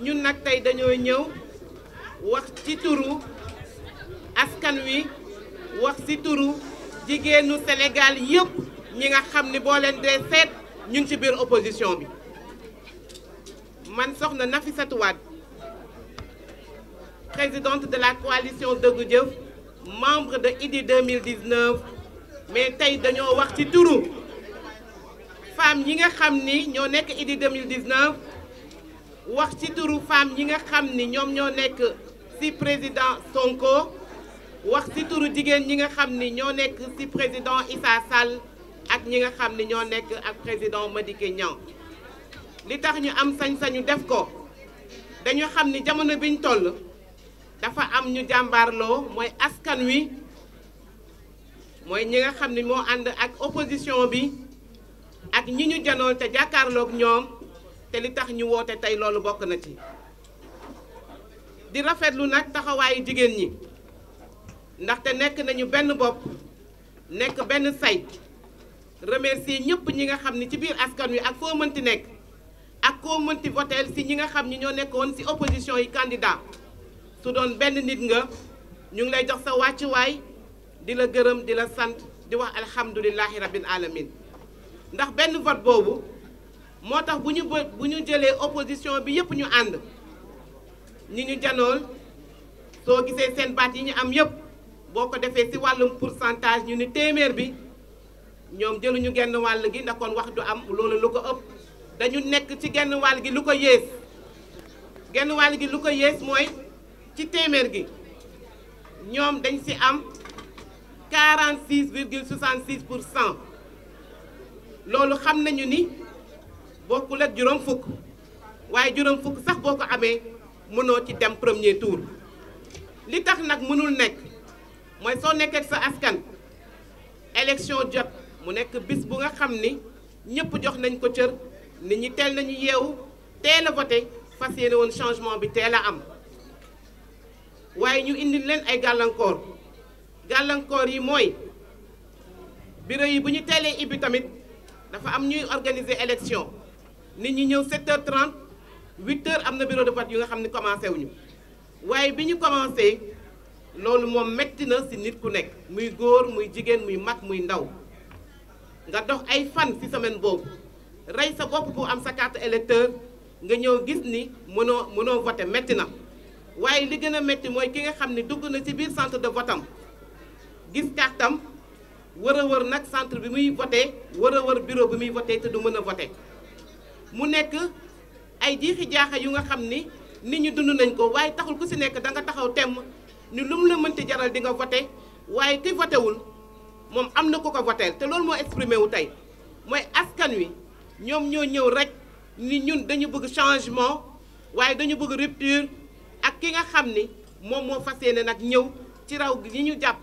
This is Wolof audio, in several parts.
ñun nag tey dañoo parler wax ci turu askan wi wax ci turu jigéenu Sénégal yëpp ñi nga xam ni boo leen dee seet ñu ngi ci biir opposition bi man soxna présidente de la coalition de Jëf membre de l'IDI 2019 mais tey dañoo wax ci turu femmes yi nga xam ni ñoo nekk IDI 2019 wax ci turu femmes yi nga xam ni ñoom ñoo nekk ci président Sonko wax ci turu jigéen ñi nga xam ni ñoo nekk ci président Issa Sall ak ñi nga xam ni ñoo nekk ak président Madické Niang li tax ñu am sañ-sañu def ko dañu xam ni jamono biñ toll dafa am ñu jàmbarloo mooy askan wi mooy ñi nga xam ne moo ànd ak opposition bi ak ñi ñu janoon te jàkkaarloog ñoom te li tax ñu woote tey loolu bokk na ci di rafetlu nag taxawaayu jigéen ñi ndaxte nekk nañu benn bopp nekk benn say remercier ñëpp ñi nga xam ni ci biir askan wi ak foo mënti nekk ak koo mënti voteel si ñi nga xam ni ñoo nekkoon si opposition yi candidat su doon benn nit nga ñu ngi lay jox sa wàccuwaay di la gërëm di la sant di wax alhamdulilahi rabbil alamin ndax benn vote boobu moo tax bu ñu bu ñu jëlee opposition bi yëpp ñu ànd ñi ñu janool soo gisee seen baat yi ñu am yëpp boo ko defee ci wàllum pourcentage ñu ni téeméer bi ñoom jëluñu genn wàll gi ndax wax du am loolu lu ko ëpp dañu nekk ci genn wàll gi lu ko yées genn wàll gi lu ko yées mooy ci téeméer gi ñoom dañ ci am 46,66%. virgule 66 xam nañu ni bokkul ak juróom fukk Waye juróom fukk sax boko amé mëno ci dem premier tour li tax nak mënul nek moy so nek ak sa askan élection jot mu nek bis bu nga xam ni ñëpp jox nañ ko cër nit ñi teel nañu yeewu teel a voté fas yéene changement bi teel a am waye ñu indi leen ay gàllankoor galankor yi moy bureau yi buñu télé ibi tamit dafa am ñuy organiser élection nit ñi ñëw 7h30 8h am na bureau de vote yu nga xamni commencé wuñu waye biñu commencé loolu moom metti na ci nit ku nek muy goor muy jigen muy mak muy ndaw nga dox ay fan ci semaine boobu rey sa bu am sa carte électeur nga ñëw gis ni mëno mëno voter metti na waye li gëna metti moy ki nga xamni dugg na ci biir centre de vote am gis kàrtam war a wër nag centre bi muy voté war a wër bureau bi muy voté te du mën a voté mu nekk ay jiixi jaaxa yu nga xam ni nit ñu dund nañ ko waaye taxul ku si nekk da nga taxaw temm ni lu mu la mënti jaral di nga voté waaye ki votéwul moom am na ko ko voteel te loolu moo exprimé wu tey mooy askan wi ñoom ñoo ñëw rek ni ñun dañu bëgg changement waaye dañu bëgg rupture ak ki nga xam ni moom moo fas ne nag ñëw ci raw gi ñu jàpp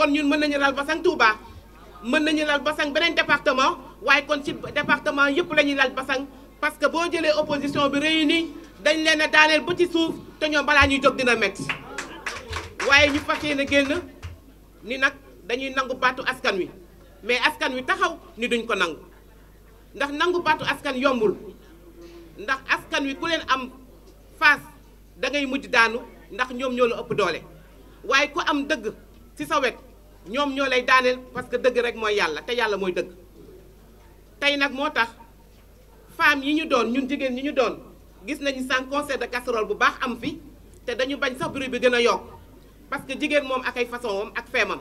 kon ñun mën lal basang Touba lal département waye kon ci département yépp lañu parce que bo jëlé opposition bi réunie dañ leena daanel bu ci souf té ñom bala ñu jog dina nous waye ñu ni nak dañuy nangu patu askan wi mais askan wi taxaw ni duñ ko nangu ndax nangu patu askan yombul ndax askan wi ku leen am face da ngay mujj daanu ndax ñom ñoo la ëpp doole waye ku am dëgg ci ñoom ñoo lay daaneel parce que dëgg rek mooy yàlla te yàlla mooy dëgg tey nag moo tax femmes yi ñu doon ñun jigéen ñi ñu doon gis nañu sànq concert de casserole bu baax am fi te dañu bañ sax bruit bi gën a yokk parce que jigéen moom ak ay façon am ak feemam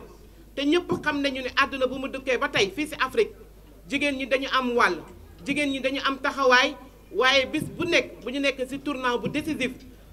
te ñëpp xam nañu ne àdduna bu mu dukkee ba tey fii si Afrique jigéen ñi dañu am wàll jigéen ñi dañu am taxawaay waaye bis bu nekk bu ñu nekk si tournant bu décisif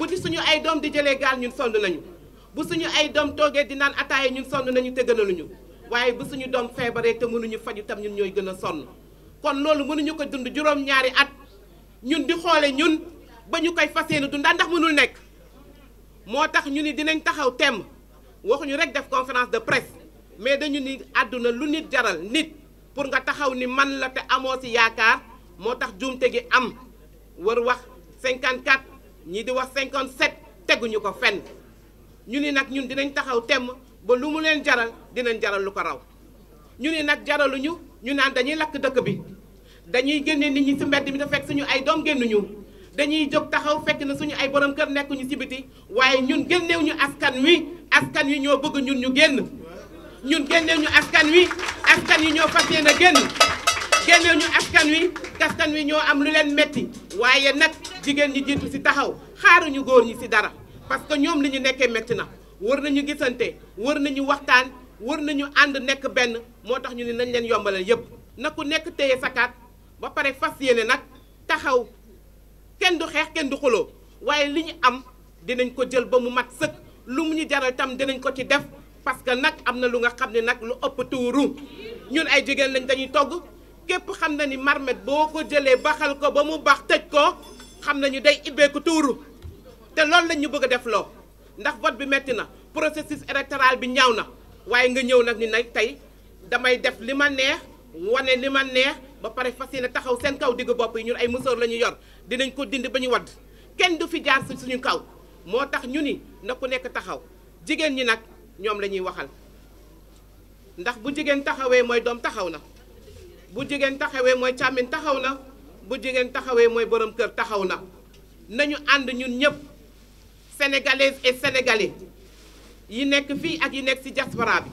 bu ci suñu ay doom di jëlee gaal ñun sonn nañu bu suñu ay doom toogee di naan ataaya ñun sonn nañu te gënaluñu waaye bu suñu doom feebaree te mënuñu faju tam ñun ñooy gën a sonn kon loolu mënuñu ko dund juróom-ñaari at ñun di xoole ñun ba ñu koy fas yéene dund ndax mënul nekk moo tax ñu ni dinañ taxaw temm waxuñu rek def conference de presse mais dañu ni àdduna lu nit jaral nit pour nga taxaw ni man la te amoo si yaakaar moo tax juumte gi am war wax 54 ñii di wax 57 teguñu ko fenn ñu ni nag ñun dinañ taxaw temm ba lu mu leen jaral dinañ jaral lu ko raw ñu ni nag jaraluñu ñu naan dañuy lakk dëkk bi dañuy génne nit ñi ci mbedd mi te fekk suñu ay doom génnuñu dañuy jóg taxaw fekk na suñu ay borom kër nekkuñu ci biti waaye ñun génneew ñu askan wi askan wi ñoo bëgg ñun ñu génn ñun génneew ñu askan wi askan wi ñoo fas yéene génn génneew ñu askan wi askan wi ñoo am lu leen metti waaye nag jigéen ñi jiitu si taxaw xaaruñu góor ñi si dara parce que ñoom li ñu nekkee métti na war nañu gisante war nañu waxtaan war nañu ànd nekk benn moo tax ñu ne nañ leen yombalal yëpp na ku nekk téye sakaat ba pare fas yéene nag taxaw kenn du xeex kenn du xuloo waaye li ñu am dinañ ko jël ba mu mat sëkk lu mu ñu jaral tam dinañ ko ci def parce que nag am na lu nga xam ne nag lu ëpp tuuru ñun ay jigéen lañ dañuy togg képp xam na ni marmet boo ko jëlee baxal ko ba mu bax tëj ko xam nañu day ibbeeku tuuru te loolu lañ ñu bëgg a def loo ndax vote bi metti na processus électoral bi ñaaw na waaye nga ñëw nag ni nag tey damay def li ma neex wane li ma neex ba pare fas ne taxaw seen kaw diggu bopp yi ñun ay musóor la ñu yor dinañ ko dind ba ñu wadd kenn du fi jaar suñu kaw moo tax ñu ni na ku nekk taxaw jigéen ñi nag ñoom la ñuy waxal ndax bu jigéen taxawee mooy doom taxaw na bu jigéen taxawee mooy càmmin taxaw na bu jigéen taxawee mooy borom kër taxaw na nañu ànd ñun ñëpp sénégalaises et sénégalais yi nekk fii ak yi nekk ci diaspora bi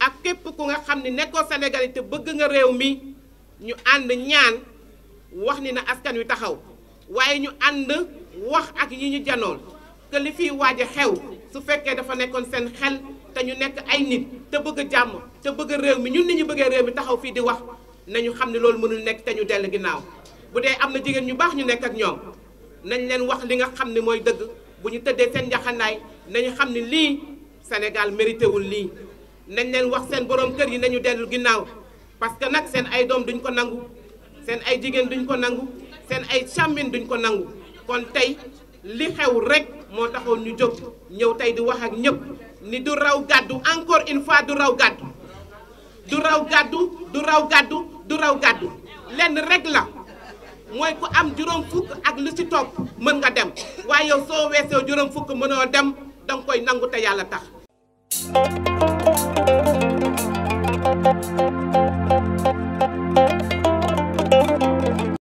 ak képp ku nga xam ni nekkoo sénégalais te bëgg nga réew mi ñu ànd ñaan wax ni na askan wi taxaw waaye ñu ànd wax ak yi ñu janool que li fiy waaj a xew su fekkee dafa nekkoon seen xel te ñu nekk ay nit te bëgg jàmm te bëgg réew mi ñun ni ñu bëggee réew mi taxaw fii di wax na ñu xam ne loolu mënul nekk te ñu dell ginnaaw bu amna jigen ñu bax ñu nek ak ñom nañ leen wax li nga ne dëgg bu ñu seen jaxanaay nañ ne Sénégal mérité wul li nañ leen wax seen borom kër yi parce que nak seen ay doom duñ ko nangu seen ay jigen duñ ko nangu seen ay chamine duñ ko nangu kon tay li xew rek mo taxaw ñu jog ñew tay di wax ak ñëpp ni du raw encore une fois du raw du raw du raw du mooy ku am juróom fukk ak lu ci topp mën nga dem waaye yow soo weesoo juróom fukk mënoo dem danga koy nangu te yàlla tax